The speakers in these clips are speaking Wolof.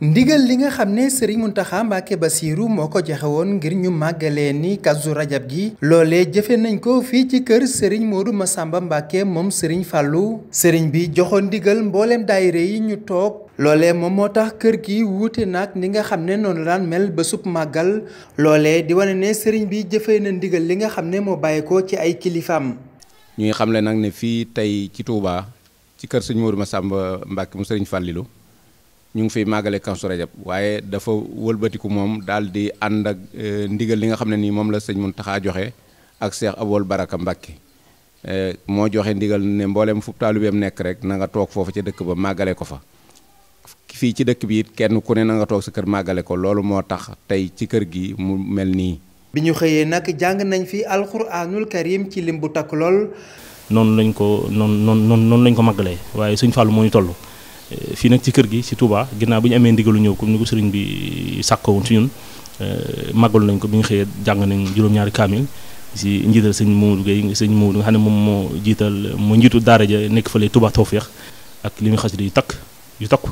ndigal li nga xam ne Serigne Mountakha ba siiru moo ko joxe woon ngir ñu màggalee ni kazu rajab gi loolee jëfe nañ ko fii ci kër Serigne Modou Massamba Mbacké moom Serigne Fallou Serigne bi joxoon ndigal mbooleem daayira yi ñu toog loolee moom moo tax kër gi wuute nag ni nga xam ne noonu daan mel ba sub màggal loolee di wane ne Serigne bi jëfee na ndigal li nga xam ne moo bàyyi ko ci ay kilifaam. ñuy xamle nag ne fii tey ci ci kër Serigne Modou Massamba Mbacké mu Serigne Fallilou. ñu ngi fiy màggale Kazu Rajab waaye dafa wëlbatiku moom daal di ànd ak euh, ndigal li nga xam ne nii moom la sëñ mun Muntaxa joxe ak Cheikh Abol Baraka Mbacke euh, moo joxe ndigal ne mboolem fu taalibeem nekk rek na nga toog foofu ca dëkk ba màggale ko fa. fii ci dëkk bi it kenn ku ne na nga toog sa kër màggale ko loolu moo tax tey ci kër gi mu mel nii. bi ñu xëyee nag jàng nañ fi alxuraanul karim ci lim bu takk lool. noonu lañ ko noonu noonu noonu lañ ko màggalee waaye suñ fàllu moo toll. Euh, fii nag ci kër gi ci Touba ginnaaw bi ñu amee ndigalu ñëw comme ni ko sëriñ bi sàkkowoon ci ñun euh, màggal nañ ko bi ñu xëyee jàng nañ juróom-ñaari kaamil si njiital sëñ Mamadou Gueye sëñ Mamadou nga xam ne moom moo jiital moo njiitu daara ja nekk fële Touba Tawféex ak li muy xasida yu takk yu takku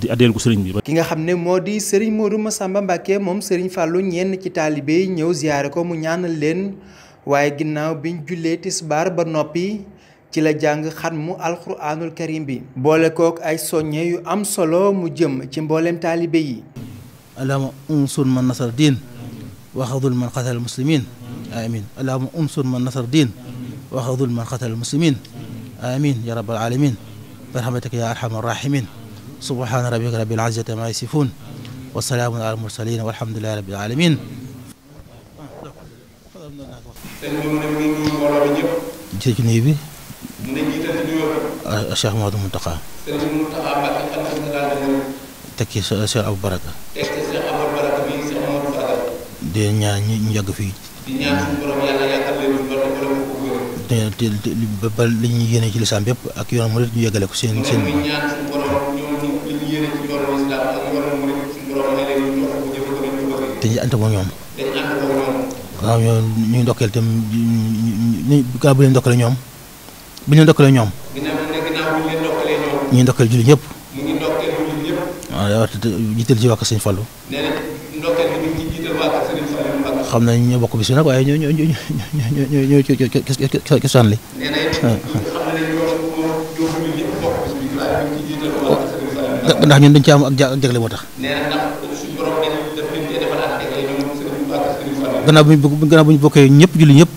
di addeel ko sëriñ bi. ki nga xam ne moo di sëriñ Modou Massamba Mbacke moom sëriñ Fallou ñenn ci taalibe yi ñëw ziyaare ko mu ñaanal leen waaye ginnaaw biñ jullee tisbaar ba noppi. ci la jàng xatmu alxuraanul karim bi boole kook ay soññe yu am solo mu jëm ci mbooleem taalibe yi allahuma unsur man nasar diin waxadul man xatal muslimin amin allahuma unsur man nasar diin waxadul man xatal muslimin amin ya rabbal alamin barxamatika ya arhamar rahimin subhaana rabbika rabbil izzati ma yasifun wa salaamun alal mursalin walhamdulilahi rabbil alamin ci nañ jiital di nuyoo. Cheikh Mouhamadou Mountakha. Serigne Mountakha Mbacké xalifa ñaan ñu yàgg fii. di ba li ñu yéene ci lislaam bépp ak yoon murid ñu yàggale ko seen seen. ñoom ñaan suñu te ñu ànd ko ñoom. waaw ñoo ñu ndokkeel itam ñu leen ndokkale ñoom bu ñu ndokkalee ñoom. ginnaaw nag ginnaaw bu ñu leen ndokkalee ñoom. ñuy ndokkal jullit jiital ci wàkk Sëriñ Fallu. nee na ñu bokk bis bi nag waaye ñoo ñu ñëpp bokk dañ ci am ak jagle moo tax. nee na gannaaw bu ñu bokkee ñëpp julli ñëpp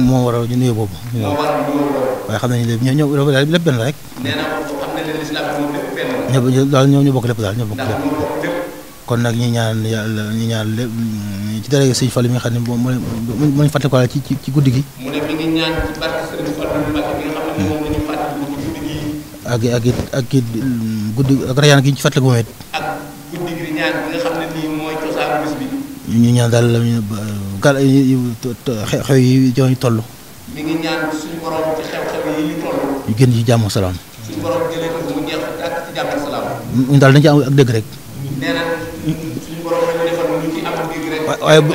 moo waral ñu ñu nuyoo boobu. waaye xam nañu lépp ñoom ñoom lépp benn rek. nee na ñoo ñu bokk lépp daal ñoo bokk lépp. kon nag ñu ñaan yàlla ñu ñaan lépp ci dara sëñ Fall mi mu ci guddi gi. mu ne ngi xam ne moom la ñu fàtte ko ci guddi gi. ak ak ak guddi ak rayaan gi ñu ci fàtte ko moom it. ñu ñaan daal kal xew yi ñoo ñu toll. mi ngi ñaan suñu borom ci xew-xew yi ñu toll. ñu génn ci jàmm salaam. suñu borom jëlee ko mu jeex ak ci jàmm salaam. ñun daal dañu ci am ak dëgg rek. nee na suñu borom la ñu defal ñu ci am ak dëgg rek. waaye bu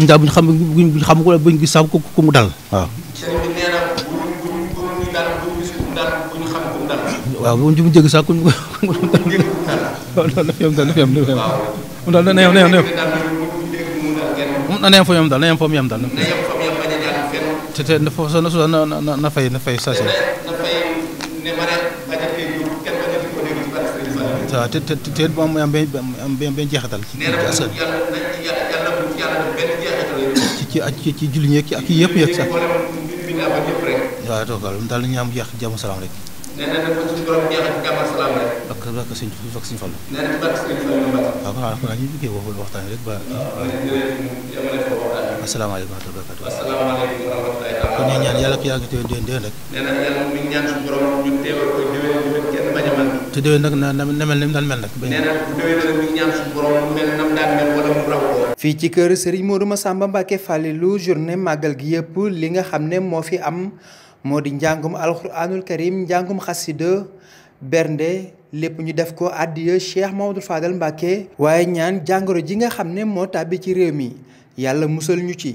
ñu daal bu ñu xam bu ñu xam ko bu ñu gis sax ku mu dal waaw. sëriñ bi nee na bu bu bu ñu dal bu ñu gis ku mu dal bu ñu xam ku mu dal. waaw bu ñu jéggi sax ku mu. ku mu dal waaw loolu la fi am daal la fi am daal la fi am. waaw na na yem fa mu yem daal. na yem fa mu yem bañ a jàll fenn. te te na fa na na na na fay na fay sachet. na ci te te te it mu am am benn am benn jeexital. ci ak ci ci julli ñeeg yëpp yëpp sax. waaw toog daal daal ñu am jeex jàmm salaam rek. nee na ci jàmm sëriñ salaam rek. bakk bakk suñ bakk journée màggal gi yëpp li nga xam ne moo fi am moo di njàngum alxuraanul karim njàngum xasida bernde lépp ñu def ko àddiya Cheikh Mamadou Fadal Mbacke waaye ñaan jàngoro ji nga xam ne moo tàbbi ci réew mi yàlla musal ñu ci